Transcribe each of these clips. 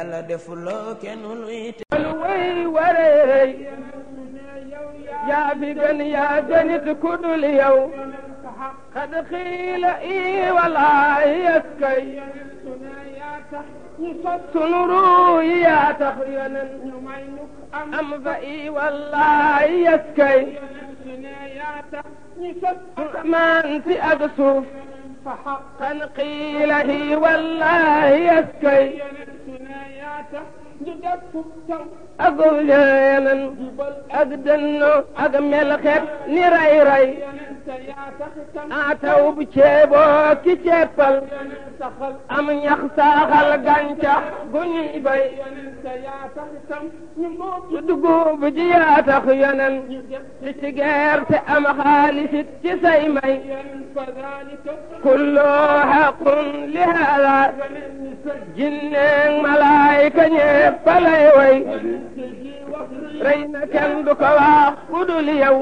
yàlla defuloo kenn luy te way waree rëy yaa fi gën yaa gënit ku dul yow xad xiila ii walaay yaskay sunu ruu yi yaa tax yonen am fa ii walaay yaskay amaan si ak suuf فحقا قيل هي والله يسكي ak léenan a dënno ak melxet ni ray ray a taw bu ceeboo ki ceppal am ñax saaxal gàncax gu ñuy bay su dugub ji ci gerte am xaalisit ci say may kulloo xaqun li hada jinneeg malaayka ñee ñépp rey na kenn du ko wax ku dul yow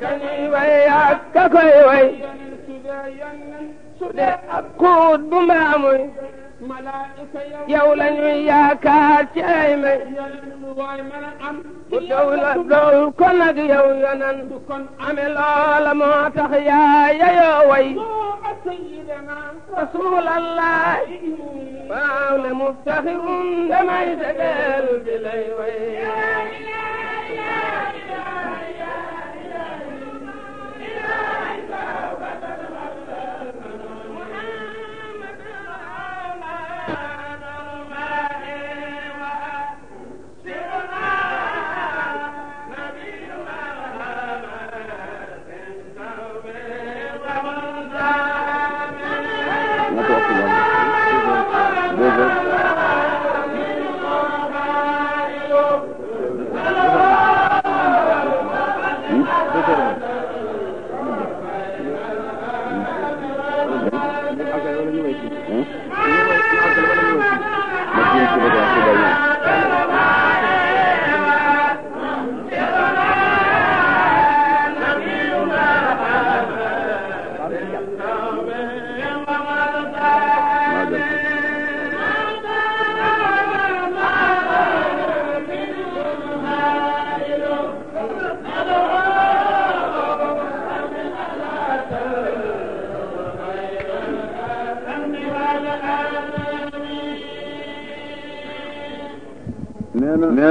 kañuy way su dee ak kuut bu maamuy yow la ñuy yaakaar ci ay may bu dawla dool ko nag yow yonan ame loola moo tax yaa yayoo way rasulallah waaw ne muftaxirun damay dëggal bi lay way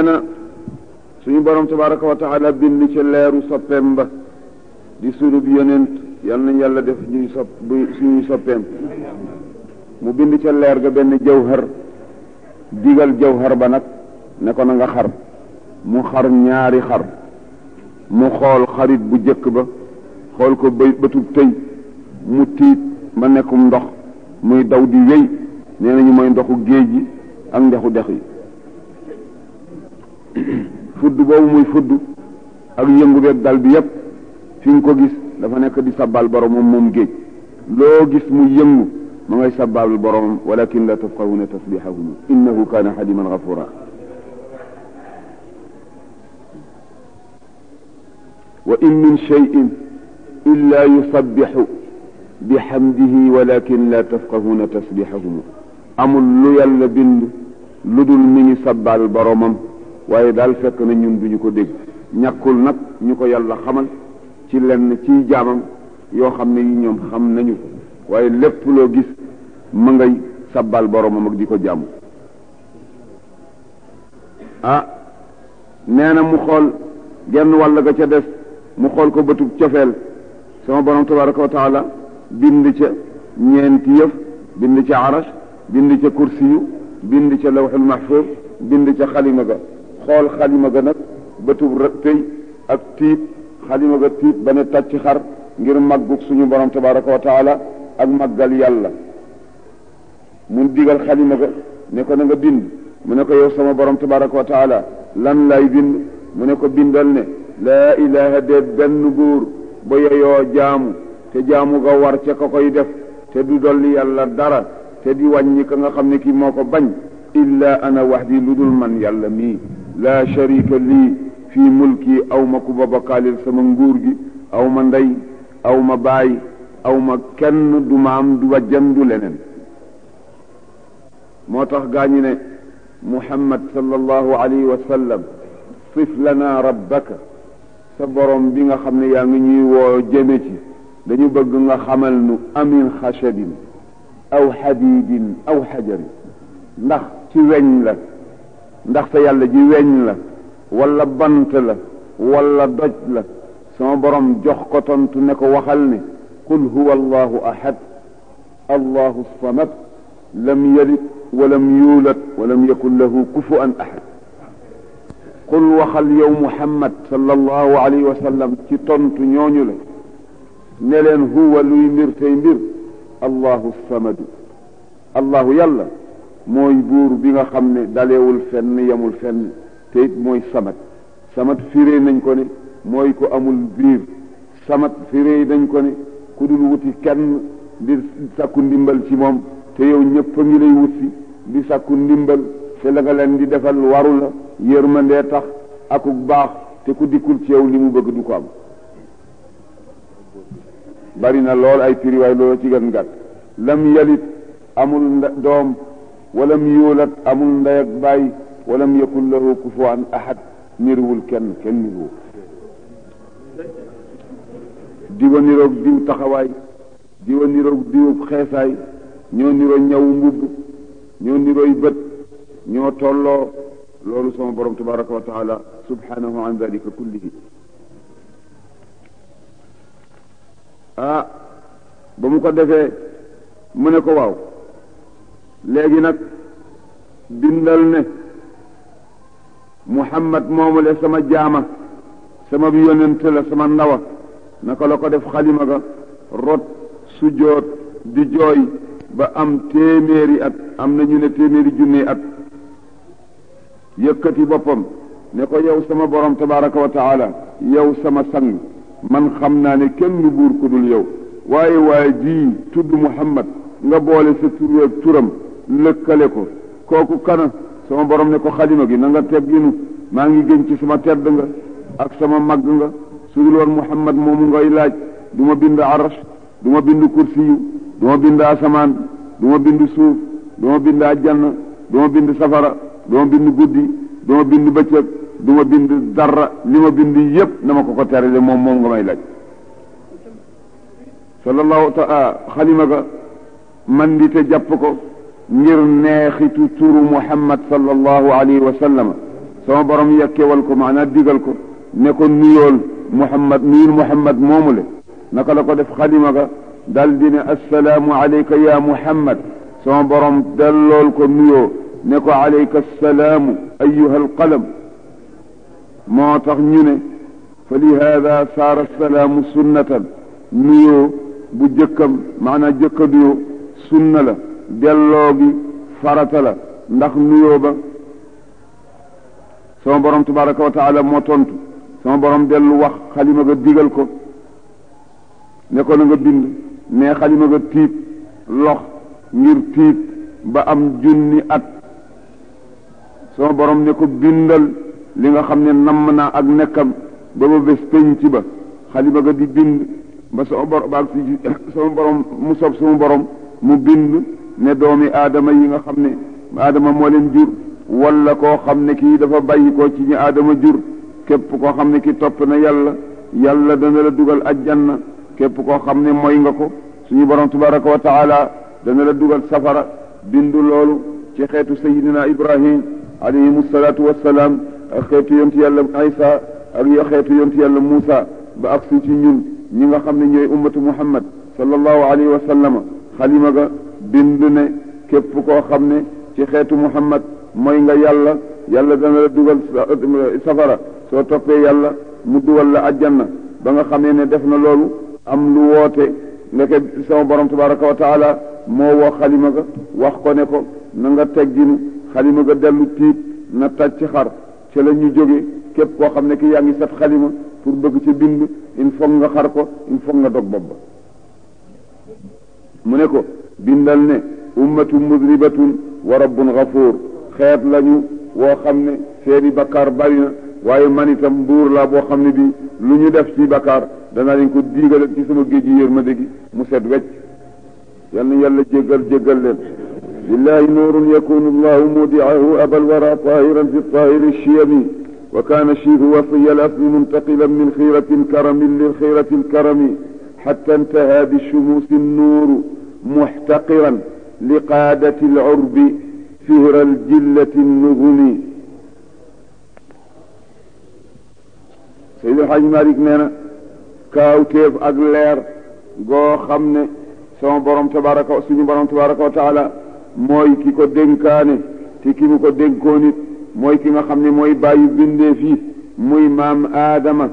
nee suñu borom tabaraka wa taala bind ci leeru soppeem ba di sunub yonent yal nañ yàlla def ñuy sopp suñuy soppeem mu bind ca leer ga benn jawhar digal jawhar ba nag nekkoon ko na nga xar mu xar ñaari xar mu xool xarit bu jëkk ba xool ko bëy bëtub tëy mu tiit ba nekkum ndox muy daw di wéy nee nañu mooy ndoxu géej gi ak ndexu dex yi fudd boobu muy fudd ak yëngu beeg dal bi yépp fi ko gis dafa nekk di sabbal boromam moom géej loo gis mu yëngu ma ngay sabbal boromam walakin la tafqahuna tasbihahum innahu kaana haliman ghafura wa in min shay'in illa yusabbihu bihamdihi walakin la tafqahuna tasbihahum amul lu yàlla bind lu dul mi ngi sabbal boromam waaye daal fekk na ñun ñu ko dégg ñàkkul nag ñu ko yàlla xamal ci lenn ciy jaamam yoo xam ne yi ñoom xam nañu waaye lépp loo gis ma ngay sabbal boromam ak di ko jàmm ah nee na mu xool genn wàll ga ca des mu xool ko bëtub cofeel sama borom tabaraka wa taala bind ca ñeenti yëf bind ca arash bind ca kursiyu bind ca lawxul mahfuz bind ca xalima ga xool xalima ga nag bëtub tëy ak tiit xalima ga tiit ba ne tàcc xar ngir màggug suñu borom tabaraka wa taala ak màggal yàlla mun digal xalima ga ne ko na nga bind mu ne ko yow sama borom tabaraka wa taala lan lay bind mu ne ko bindal ne laa ilaha déet benn buur ba yeyoo jaamu te jaamu ga war ca ka koy def te du dolli yàlla dara te di wàññi ka nga xam ne kii moo ko bañ illa ana wahdi lu dul man yàlla mii la sharika lii fii mulki aw ma ku ba bakkaalil sama gi aw ma ndey aw ma baay aw ma kenn du maam du wajjan du leneen moo tax gaa ñi ne muhammad sallallahu alayhi wa sallam sif lana rabbaka sa borom bi nga xam ne yaa ngi ñuy woo jëme ci dañu bëgg nga xamal nu amin xashabin aw xadiidin aw xajarin ndax ci weñ la ndaxte yàlla ji weñ la wala bant la wala doj la sama borom jox ko tontu ne ko waxal ne qul huwa allahu ahad allahu samad lam yalid walam yuulad walam yakun lahu kufuan ahad qul waxal yow muhammad sallallahu alayhi wa sallam ci tontu ñooñu la ne leen huwa luy mbir tey mbir allahu samadu allahu yàlla mooy buur bi nga xam ne dalewul fenn yemul fenn te mooy samat samat firee nañ ko ne mooy ko amul biir samat firee nañ ko ne ku dul wuti kenn di sakku ndimbal ci moom te yow ñëpp a ngi lay wutsi di sakku ndimbal te la nga leen di defal waru la yërmandee tax akuk baax te ku dikkul ci yow li mu bëgg du ko am bari na lool ay piriwaay loolu ci gën gàtt lam yalit amul doom walam yuulat amul ndey ak baay walam yakun lahu kufuwan ahad niruwul kenn kenn niruwul diwa niroog diw taxawaay diwa niroog diwub xeesaay ñoo niroo ñaw mbubb ñoo nirooy bët ñoo tolloo loolu sama borom tabaraka wa taala subhanahu an dalika kullihi ah ba mu ko defee mu ne ko waaw léegi nag bindal ne muhammad moomu le sama jaama sama bi sama ndawa naka la ko def xalima ga rot sujoot di jooy ba am téeméeri at am na ñu ne téeméeri junni at yëkkati boppam ne ko yow sama borom tabaraka wa taala yow sama sang man xam naa ne kenn lu buur ku yow waaye waaye ji tudd muhammad nga boole sa tur turam lëkkale ko kooku kana sama borom ne ko xalima gi nanga nga tegginu maa ngi gën ci sama tedd nga ak sama màgg nga su dul Muhammad moomu ngay laaj du ma bind aras du ma bind kursiyu du ma bind asamaan du ma bind suuf du ma bind àjjanna du bind safara du ma bind guddi du bind bëccëg du ma bind dara lima bind yépp na ma ko ko terale moom moom nga may laaj sallallahu ta xalima ga man di te jàpp ko ngir neexitu turu muhammad sallallahu alayhi wa sallam sama borom yekkewal ko maanaam digal ko ne ko nuyool muhammad nuyul muhammad moomule naka la ko def xalima ga dal di ne assalaamu alayka ya muhammad sama borom dellool ko nuyoo ne ko alayka assalaamu ayuha alqalam tax ñu ne fa lihaada saara salaamu sunnatan bu jëkkam maanaam jëkka nuyoo sunna la delloo gi farata la ndax nuyoo ba sama borom tabaraka wa taala moo tontu sama borom dellu wax xalima nga digal ko ne ko na nga bind ne xalima nga tiit lox ngir tiit ba am junni at sama borom ne ko bindal li nga xam ne namm naa ak nekkam ba ba bés penc ba xalima nga di bind ba sama borom mu sob sama borom mu bind ne doomi aadama yi nga xam ne aadama moo leen jur wala koo xam ne kii dafa bàyyi koo ci ñu aadama jur képp koo xam ne ki topp na yàlla yàlla dana la dugal ajjanna képp koo xam ne mooy nga ko suñu borom tabaraka wa taala dana la dugal safara bindu loolu ci xeetu sayidina ibrahim alayhimu salaatu wassalaam ak xeetu yonti yàlla isa ak yo xeetu yonti yàlla muusa ba ak su ci ñun ñi nga xam ne ñooy ummatu muhammad sallallahu alayhi wa sallama xalima ga bind ne képp koo xam ne ci xeetu muhammad mooy nga yàlla yàlla dana la dugal safara soo toppee yàlla mu dugal la ajjanna ba nga xamee ne def na loolu am lu woote ndeke sama borom tabaraka wa taala moo woo xalima ga wax ko ne ko na nga tegginu xalima ga dellu tiit na taj ci xar ca la ñu jóge képp koo xam ne ki yaa ngi set xalima pour bëgg ci bind il faut nga xar ko il faut nga dog bopp ba mu ne ko bindal ne ummatun mudribatun wa rabbun gafuur xeet lañu woo xam ne seeni bakkaar bari na waaye man itam buur laa boo xam ne bi lu ñu def ci bakkaar danaa leen ko diigal ci sama géej gi yërmande gi mu set wecc yal na yàlla jéggal jéggal leen lillahi nuurun yakunu allahu mudiahu abal wara tahiran fi tahiri chiyami wa kaana chiihu wasiya al asli muntaqilan min xiirati lkarami lilxiirati lkarami xatta intaha bi chumuusi nuuru محتقرا لقادة العرب فهر الجلة النظم Seydi El Hadji Malick nee na kaawteef ak leer goo xam ne sama borom tabaraka suñu borom tabaraka wa taala mooy ki ko dénkaane te ki mu ko dénkoon it mooy ki nga xam ne mooy bàyyi bindeef yi muy maam aadama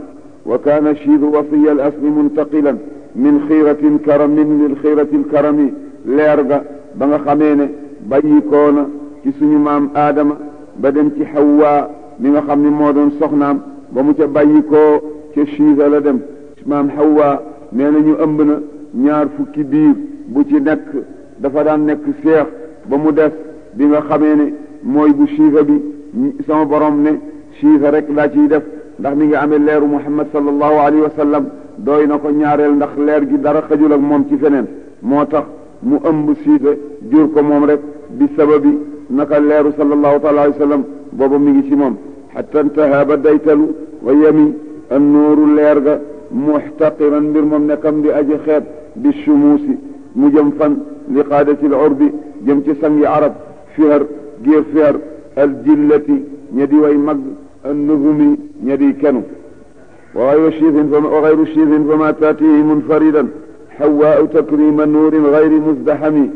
wa kaana chiidu wasiya al asli muntaqilan min xiiratin karam min min xiiratil karami leer ga ba nga xamee ne na ci suñu maam aadama ba dem ci xawwa mi nga xam ni moo doon soxnaam ba mu ca bàyyikoo ca chiisa la dem maam xawwa nee na ñu ëmb na ñaar fukki biir bu ci nekk dafa daan nekk seex ba mu des bi nga xamee ni mooy bu chiisa bi sama borom ne chiisa rek laa ciy def ndax mi nga amee leeru muhammad sallallahu alayhi wa sallam doy na ko ñaareel ndax leer gi dara xajul moom ci feneen moo tax mu ëmb siise jur ko moom rek bi sababi naka leeru sallallahu taala alayhi wa sallam mi ngi ci moom xata ntaha ba daytalu wa yemi an nuuru leer ga muxtaqiran mbir moom nekkam di aji xeet bi sumuusi mu jëm fan li qaadatil urbi jëm ci sangi arab fihar giir fihar aljillati ña di way mag an nuhumi ña kenu وغير شيف فما وغير شيف فما تأتيه منفردا حواء تكريم نور غير مزدحم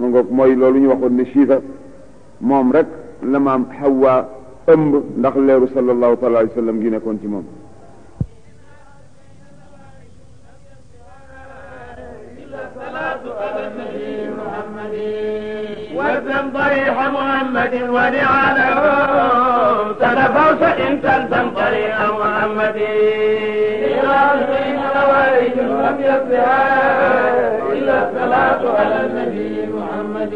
mu ngoog mooy loolu ñu waxoon ne siifa moom rek la maam Hawa ëmb ndax leeru sallallahu taala alayhi wa sallam gi nekkoon ci moom وارزم ضريح محمد ولعاله تنفوس إن تلزم محمدي لغرض نوائج لم يصلها إلا الصلاة على النبي محمد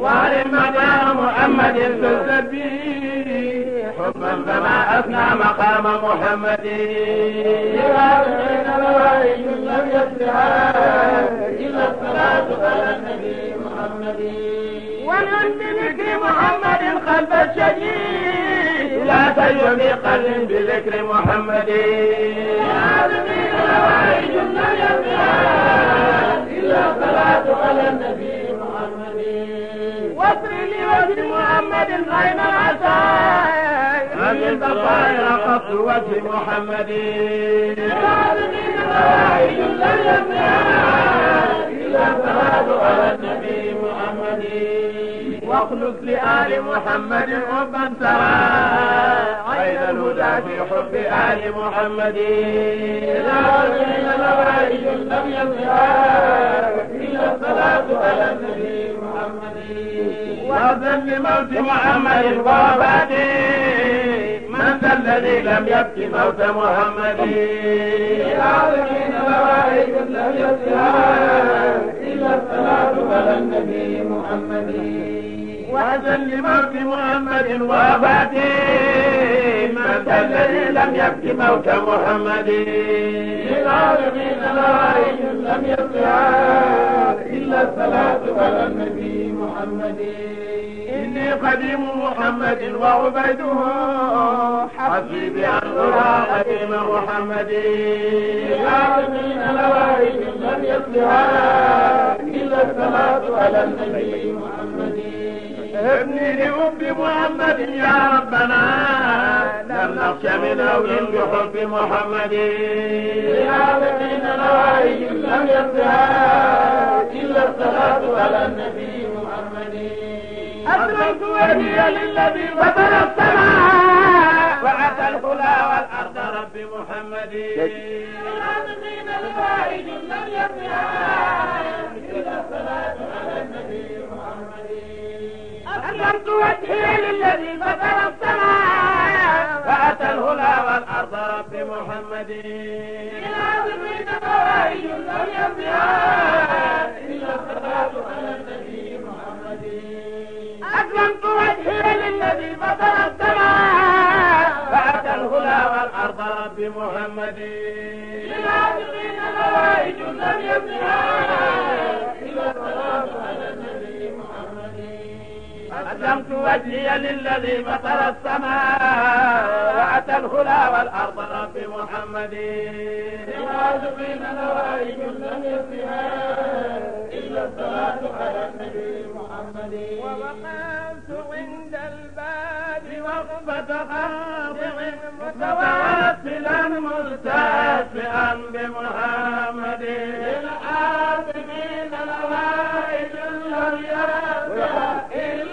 وعلى معنى محمد تسبي حبا فما أثنى مقام محمد لغرض نوائج لم يصلها إلا الصلاة على النبي محمد ونلتمك محمد قلب الشديد لا تجو في قلب بذكر محمد يا جميل روائج النجمات إلا الصلاة على النبي محمد واسر لي وجه محمد غير العزاء من البصائر قط وجه محمد يا جميل روائج النجمات إلا الصلاة على النبي محمد واخلص لآل محمد حبا ترى عين الهدى في حب آل محمد لا من نبائج لم يظهر إلا الصلاة على النبي محمد وذن موت محمد وبعده من ذا الذي لم يبكي موت محمد العالمين لوائد لم يسلها إلا الصلاة على النبي محمد وحسن لموت محمد وفاته من ذا الذي لم يبك موت محمد للعالمين العالم لم يطلع إلا الصلاة على النبي محمد إني قديم محمد وعبيده حسبي بأن أرى قديم محمد للعالمين العالم لم يطلع إلا الصلاة على النبي محمد ابني لأم محمد يا ربنا لم نخش من هول بحب محمد لعالمين نوائي لم يرضها إلا الصلاة على النبي محمد أسلمت وجهي للذي فطر السماء وأتى الخلا والأرض رب محمد للعالمين نوائي لم يرضها إلا الصلاة على النبي محمد أسلمت وجهي للذي فطر السماء وأتى الهلا والأرض رب محمد إلى ذريك فوائد لم يبلغها إلا الصلاة على النبي محمد أسلمت وجهي للذي فطر السماء وأتى الهلا والأرض رب محمد إلى ذريك فوائد لم يبلغها أسلمت وجهي للذي فطر السماء وأتى الهلا والأرض رب محمد سواد بين نوائي لم يصلها إلا الصلاة على النبي محمد ووقفت عند الباب وقفة خاضع متواصلا مرتفعا بمحمد للعاصمين الأوائل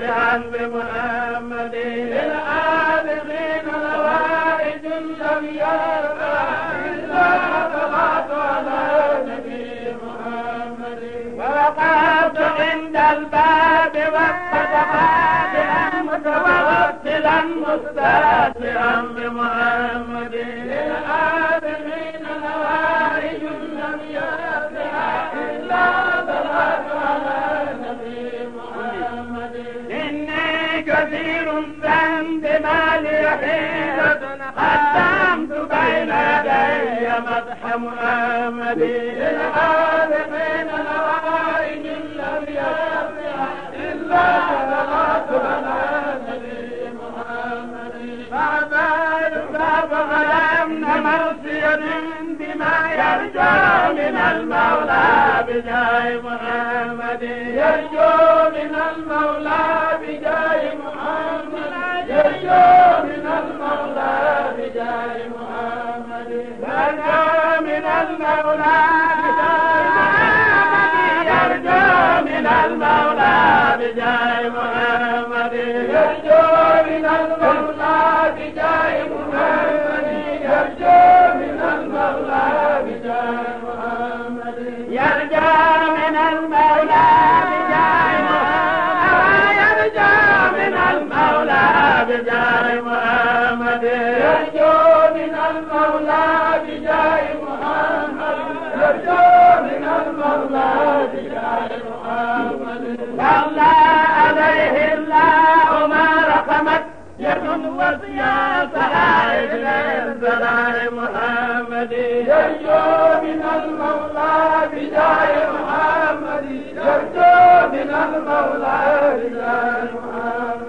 بحسب محمد للآبقين لوائد لم يرفع إلا طلعت على نبي محمد ووقفت عند الباب واتفقت متوكلا مستاسعا بمحمد للآبقين لوائد لم يرفع إلا طلعت على نبي كثير ذنب مالي حيلة قدمت بين يدي مدح محمد للعالمين الغائب لم يرفع يرجو من المولى بجاه محمد يرجو من المولى بجاه محمد يرجو من المولى بجاه محمد يرجو من المولى يرجو من المولى بجاه محمد يرجو من المولى بجاه محمد بجاه محمد يرجو من المولى بجاه محمد يرجو من المولى بجاه محمد صلى عليه الله ما رحمت يكن وصيا صحائف الانزلاء محمد يرجو من المولى بجاه محمد يرجو من المولى بجاه محمد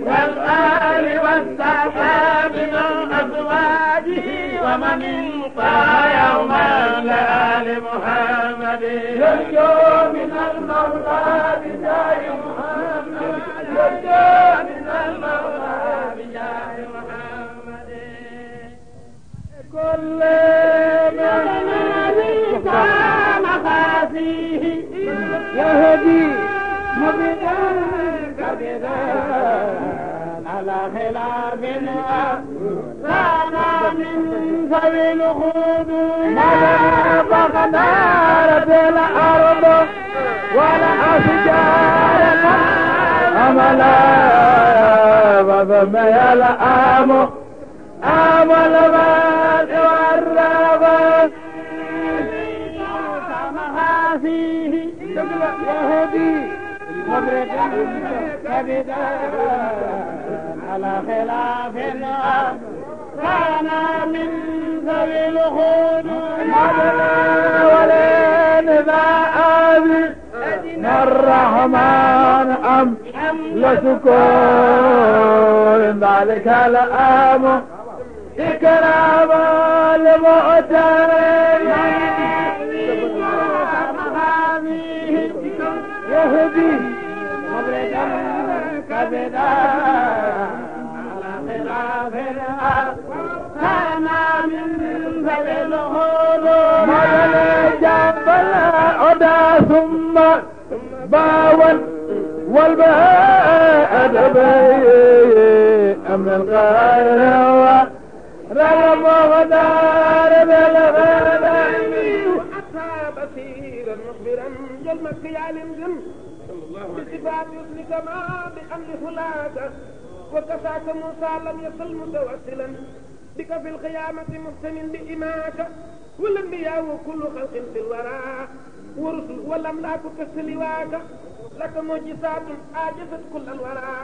والآن والبر والسحاب من أزواجه ومن انقى يوما لآل محمد يرجو من المولى بجاه محمد يرجو من المولى بجاه محمد كل من كان خافيه يهدي مبدا كبدا على خلاف أخطانا من سوي الخود ما فقدارت الأرض ولا أشجار أملا فما يلأم أم البال والرابل فيه يهدي مبرد كبدا على خلاف الأرض كان من ذوي الخود مدنا ولا نذاب الرحمن أم لسكون ذلك الأم إكرام المؤتمر يهدي مبردا كبدا في الأرض كان من ذوي الخلود مولى جبل عدا ثم باول والبعد بي من القاهرة رغم غدار بالغرب أتى بصيرا مخبرا جل مكي علم جم بصفات يسلك ما بأمر فلاك وكفاك موسى لم يصل متوسلا بك في القيامة مهتم بإماك والأنبياء وكل خلق في الورى ورسل والأملاك كسلواك لك معجزات عاجزت كل الورى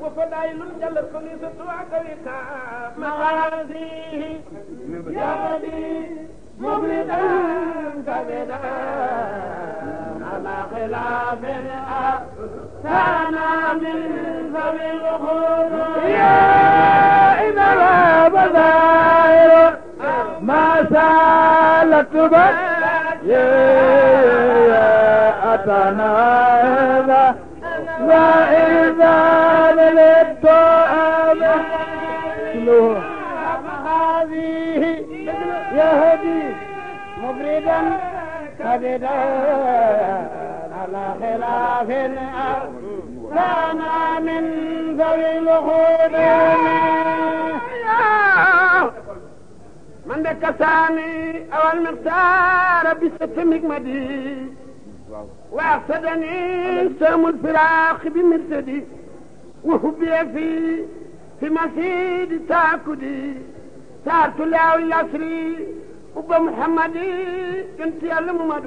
وفضائل جلت خليصة وكويك مغازيه يا بدي مبردا كبدا على خلاف الأرض سانا من ذوي الخلود يا إنما بظاهر ما سالت بل يا أتنا هذا وإذا للدعاء هذه يهدي مبردا كبدا لنا في الأرض لنا من ذوي الخدود من دك ثاني أو المختار بستمك مدي وأقصدني سام الفراق بمرتدي وحبي في في مسجد تاكدي صارت له يسري وبمحمدي كنت يا محمد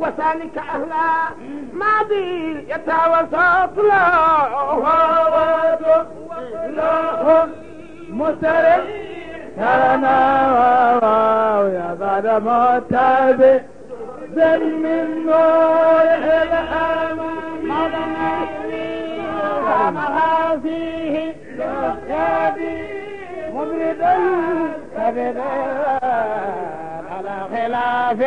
وسالك أهلا ماضي يتوسط له ووجه له مسرف كان ويا بعد معتب زل من نور الأمام وما فيه يدي مبردا كبدا على خلاف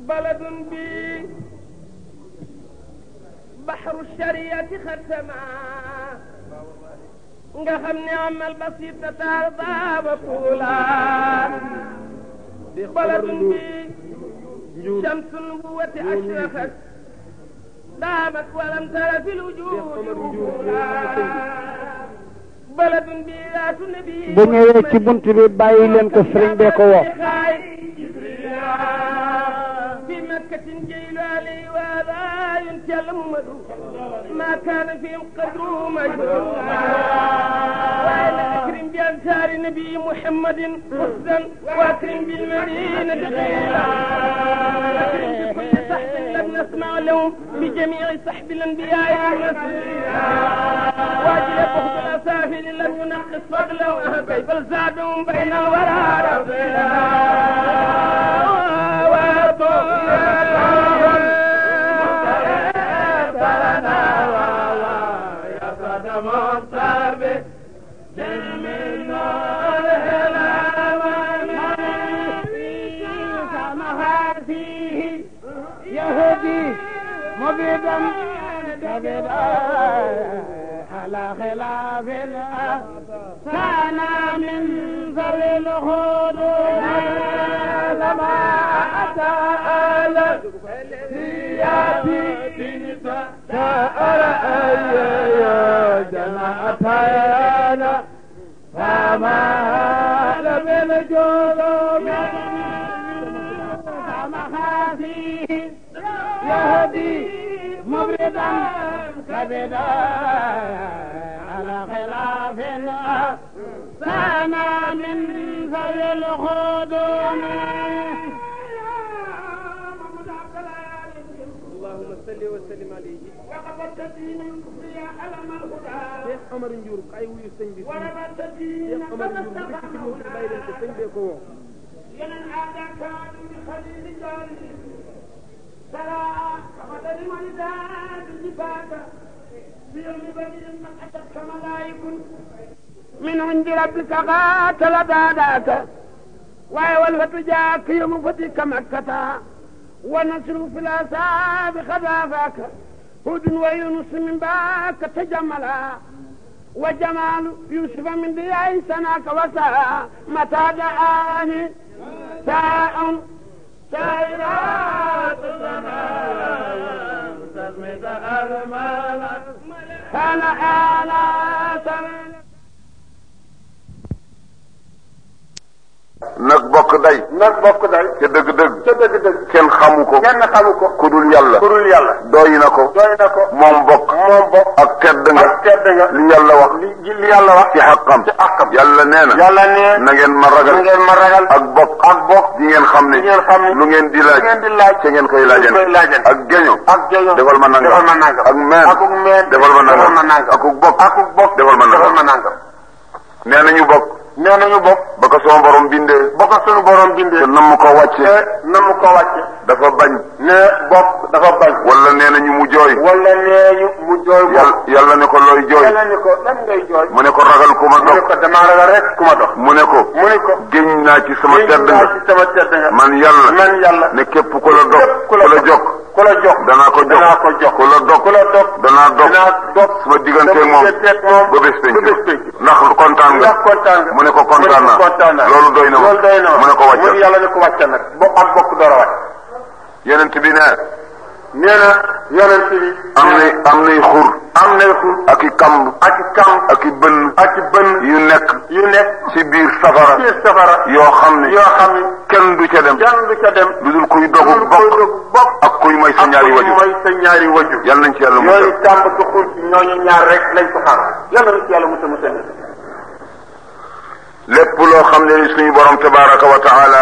بلد بي بحر الشريعة ختما nga xam ne amal basit na taal baaba puulaan baladun bi shamsun bu wati ashraxat دامت ولم تر في الوجود بلد بلا نبي bu ñëwee ci bunt bi bàyyi leen ko sëriñ bee ko woo في مكة جيلالي ولا ينتهى المد ما كان فيهم قدر مجهول سار نبي محمد قصدا واكرم بالمدينة خيرا بكل صحب لم نسمع لهم بجميع صحب الأنبياء المرسلين واجل فهد الأسافل لم ينقص فضله بل زادهم بين الورى ربنا ثابتا ثابتا على خلاف كان من ذوي الخلود لما أتى آل سياتي سأل أي جماعة يانا فما لم الجلوب فما خافيه يهدي موردا كبدا على خلاف سانا من ذوي الخدوم اللهم صل وسلم عليه وقفت دين يا علم الهدى شيخ عمر نجور اي ويو سنجي وربت دين شيخ عمر نجور بيتي كلمه بايدن سنجي كو ينن عادا كان من خليل جاري ترى فقد المعداد لفاك في يوم بدر من أتتك ملائك من عند ربك قاتل داداك ويولد جاك يوم فتك مكة ونسر في الأصاب خذافاك هود ويونس من باك تجملا وجمال يوسف من ضياء سناك وساء متى دعاني ساء سيدات الزمان تسميت أرمانا كان آلة من nag bokk day. nag bokk day. ca dëgg-dëgg. ca dëgg-dëgg. kenn xamu ko. kenn xamu ko. kudul yàlla. kudul yàlla. doy na ko. doy na ko moom bokk. moom bokk ak tedd nga. ak tedd nga li yàlla wax. li li yàlla wax. ci xaqam. ci xaqam yàlla nee na. yàlla na ngeen ma ragal. na ngeen ma ragal. ak bokk. ak bokk di ngeen xam ne. di ngeen lu ngeen di laaj. ngeen di laaj. ca ngeen koy laajal. koy laajal ak geño. ak geño defal ma nangam. defal ma ak meen. akuk ma ma nangam akuk bokk. akuk defal ma nangam. defal ma nangam nee na ñu bokk nee nañu bopp ba ko sama borom bindee ba ko sunu borom bindee te nam mu ko wàcce nam mu ko wàcce dafa bañ ne bopp dafa bañ wala nee nañu mu jooy wala nee ñu jooy bu yàlla ne ko looy jooy. yàlla ne ko lan ngay jooy. mu ne ko ragal ku ma dox. mu ne ko damaa ragal rek ku ma dox. mu ne ko. mu ne ko géñ naa ci sama tedd nga. ci sama tedd nga. man yàlla. man yàlla ne képp ku la dox. ku la jokk ku la jokk. danaa ko jox danaa ko jox. ku la dox ku la dox. danaa dox danaa dox. sama digganteeg moom ba bés penc. ndax kontaan nga. ndax kontaan nga. mu ne ko kontaan naa. loolu doy na ma. loolu doy na ma mu ne ko wàccal. mu ne yàlla ne ko wàccal nag. bokk ak bokk door a wàcc. yeneen bi ne nee na yonent bi. am nay am nay xur. am nay xur. ak i kamb. ak i kamb. ak i bënn. ak i bënn. yu nekk. yu nekk ci biir safara. ci biir safara. yoo xam ne. yoo xam ne kenn du ca dem. kenn du ca dem. lu dul kuy dogu bokk ak kuy may sa ñaari wajur. ak kuy may sa ñaari wajur. yal nañ ci yàlla musal. yooyu kamb du xur ci ñooñu ñaar rek lañ ko xam. yal nañ ci yàlla musal musal. lépp loo xam ne suñu borom tabaaraka wa taala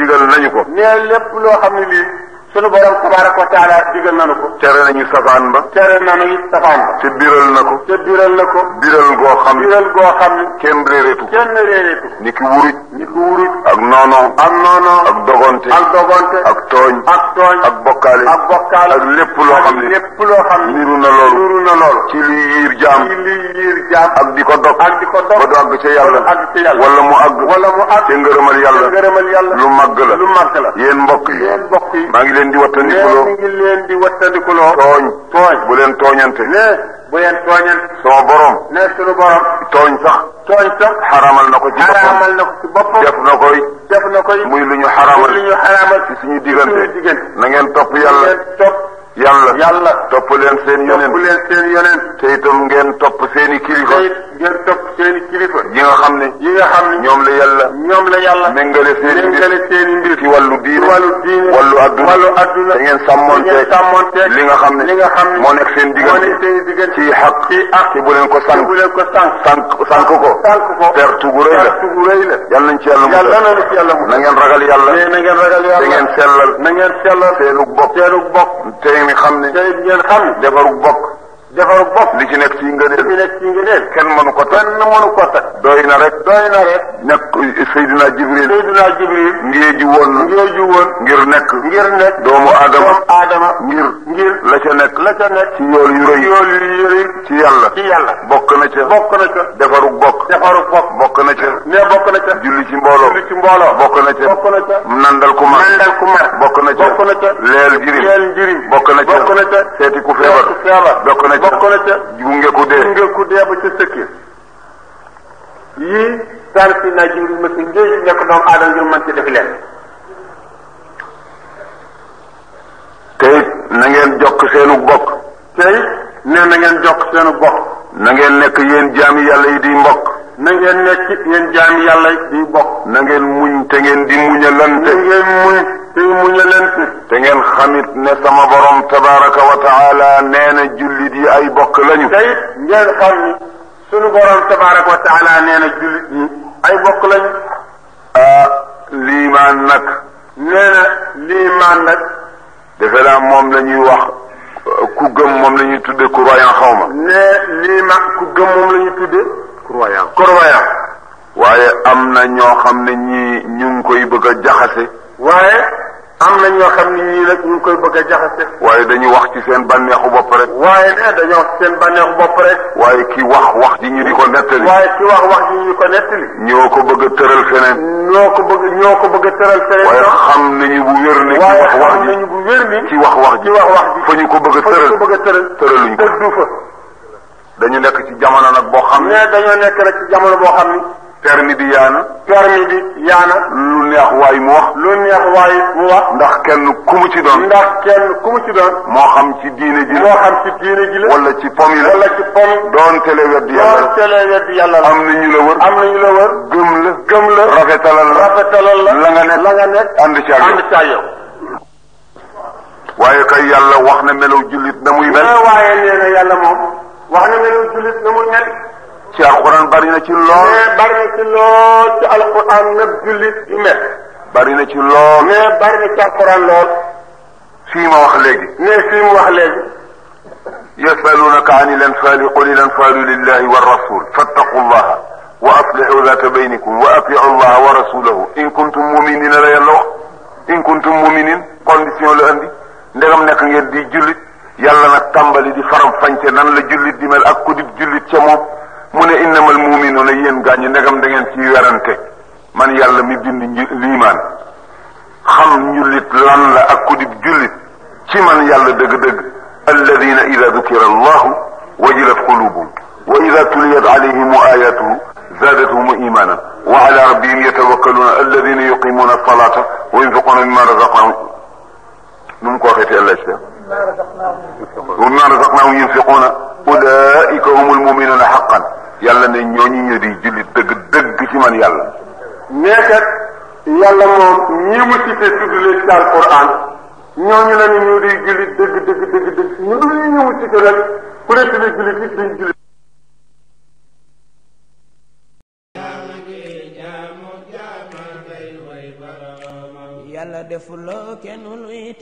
digal nañu ko. mais lépp loo xam ne lii. sunu borom tabaaraka wa taala digal nanu ko. tere nañu safaan ba. tere nañu safaan ba. te biral na ko. te biral na ko. biral goo xam. biral goo xam ne. kenn réeréetu. kenn réeréetu. ni ki wuruj. ni ki wuruj. ak noono. ak noono. ak dogonte. ak dogonte. ak tooñ. ak tooñ. ak bokkaale. ak bokkaale. ak lépp loo xam ne. lépp loo xam ne. niru na loolu. niru na loolu. ci li yiir jaam. ci li yiir jaam. ak di ko dog. ak di ko dog. ba du àgg ca yàlla. àgg ca yàlla. wala mu àgg. wala mu àgg. te ngërëmal yàlla. te ngërëmal yàlla. lu màgg la. lu màgg la. yéen mbokk yi. yéen mbokk yi. maa ngi leen di wattandikuloo nee mi ngi leen di wattandikuloo. tooñ tooñ bu leen tooñante. nee bu leen tooñante. sama borom. nee sunu borom. tooñ sax. tooñ sax. xaramal na ko ci boppam xaramal na ko ci boppam. def na koy. def na koy muy lu ñu xaramal muy lu ñu xaramal. ci suñu diggante na ngeen topp yàlla. yàlla yàlla topp leen seen yonent topp leen seen ngeen topp seen i kilifa te ngeen topp seen yi nga xam ne yi nga xam ne ñoom la yàlla ñoom la yàlla méngale seen i mbir méngale seen i mbir ci wàllu diine wàllu diine wàllu adduna wàllu adduna te ngeen sàmmonteeg sàmmonteeg li nga xam ne li nga xam moo nekk seen diggante moo nekk seen diggante ci xaq ci bu leen ko sànq bu leen ko sànq sànq ko sànq ko perte gu rëy la perte gu rëy la yàlla nañ na ngeen ragal yàlla na ngeen ragal yàlla te sellal na ngeen sellal seenu bopp seenu bopp ngeen xam ne. ngeen xam. defaru bokk. defaru bopp li ci nekk ci ngëneel li ci nekk kenn mënu ko takk kenn mënu ko na rek doy na rek nekk Seydina Jibril Seydina Jibril ngee ji woon ji woon ngir nekk ngir nekk doomu aadama aadama ngir ngir la nekk la ca nekk ci yool yu rëy yool yu rëy ci yàlla ci yàlla bokk na ca bokk na ca defaru bokk defaru bokk bokk na ca ne bokk na ca julli ci mbooloo julli ci mbooloo bokk na ca bokk na ca nandal ku mar nandal bokk na ci bokk na ca leel jirim leel jirim bokk na ca bokk na bokk na ca. gunge ku dee ku dee ba ca sëkkil. yii daal si naa jiw ma si ngéej nekk doomu ci def leen. ngeen jokk seenu bokk. te nee na ngeen jokk seenu bokk. na ngeen nekk yéen jaami yàlla yi di mbokk. na ngeen nekk yéen jaami yàlla yi di mbokk. na ngeen muñ te ngeen di muñalante. na ngeen muñ. tey muñalante te ngeen xamit ne sama borom tabaraka wa taala na jullit yi ay bokk lañu tey ngeen xam nee na ay bokk lañu ah liimaan nag nee na liimaan nag defe naa moom la wax ku gëm moom la ñuy tudde croyant xaw ma ne liimaan ku gëm moom la tudde croyant croyant waaye am na ñoo xam ne ñii ñu koy bëgg a jaxase waaye am na ñoo xam ne ñii rek ñu koy bëgg a jaxase. waaye dañuy wax ci seen bànneexu bopp rek. waaye ne dañoo wax ci seen bànneexu bopp rek. waaye ki wax wax ñu di ko nettali. waaye ki wax wax ji ñu ko bëgg tëral feneen. ñoo ko bëgg ñoo ko bëgg a tëral feneen. waaye xam bu wér ni. waaye wax wax ji. ki wax wax ji fa ñu ko bëgg a tëral fa ñu ko bëgg a tëral. tëraluñ dañu nekk ci jamono nag boo xam ne. dañoo nekk rek ci jamono boo xam ni permidi yaana. permidi yaana. lu neex waay mu wax. lu neex waay mu wax. ndax kenn ku mu ci doon. ndax kenn ku mu ci doon. moo xam ci diine ji la. moo xam ci diine ji la. wala ci pom yi la. wala ci pom doon télé wedd yàlla la. yàlla la. am na ñu la wër. am na ñu la wër. gëm la. la. rafetalal la. rafetalal la. la nga nekk la nga waaye kay yàlla wax na melaw jullit na muy mel. waaye nee yàlla moom. wax na melaw jullit na muy mel. ci alxuraan bari na ci lool. mais bari na ci lool ci alxuraan nag jullit yu mel. bari na ci lool. mais bari na ci alxuraan lool. fii ma wax léegi. mais fii mu wax léegi. yasalunaka anil anfaali qul il anfaalu lillahi wa rasul fattaqu llaha wa aslixu data baynikum wa atiu llaha wa rasulahu in kuntum muminina la yàlla wax in kuntum muminin condition la andi ndegam nekk ngeen di jullit yàlla nag tàmbali di faram fànce nan la jullit di mel ak ku di jullit ca moom. mu ne innamal muminuuna yéen gaañu ndegam da ngeen ci werante man yàlla mi bind liimaan xam njullit lan la ak kudib jullit ci man yàlla dëgg-dëgg alladina ida dukira allahu wajilat qulubuhum wa ida tuliyat alayhim ayatuhu zaadathum imanan wa ala rabbihim yatawakkaluuna alladina yuqimuuna alsalata wa yunfiquuna mimma razaqnahum nu mu ko waxeeti mimma razaqnahum yunfiquuna ulaika humul muminuuna xaqan yàlla ne ñooñu ñu di jullit dëgg dëgg ci man yàlla. mais moom ñi mu cité tudd leen ci alquran ñooñu la ñu di jullit dëgg dëgg dëgg dëgg ñu ñi mu cité rek ku nekk di jullit it dañ jullit. yàlla defuloo kenn luy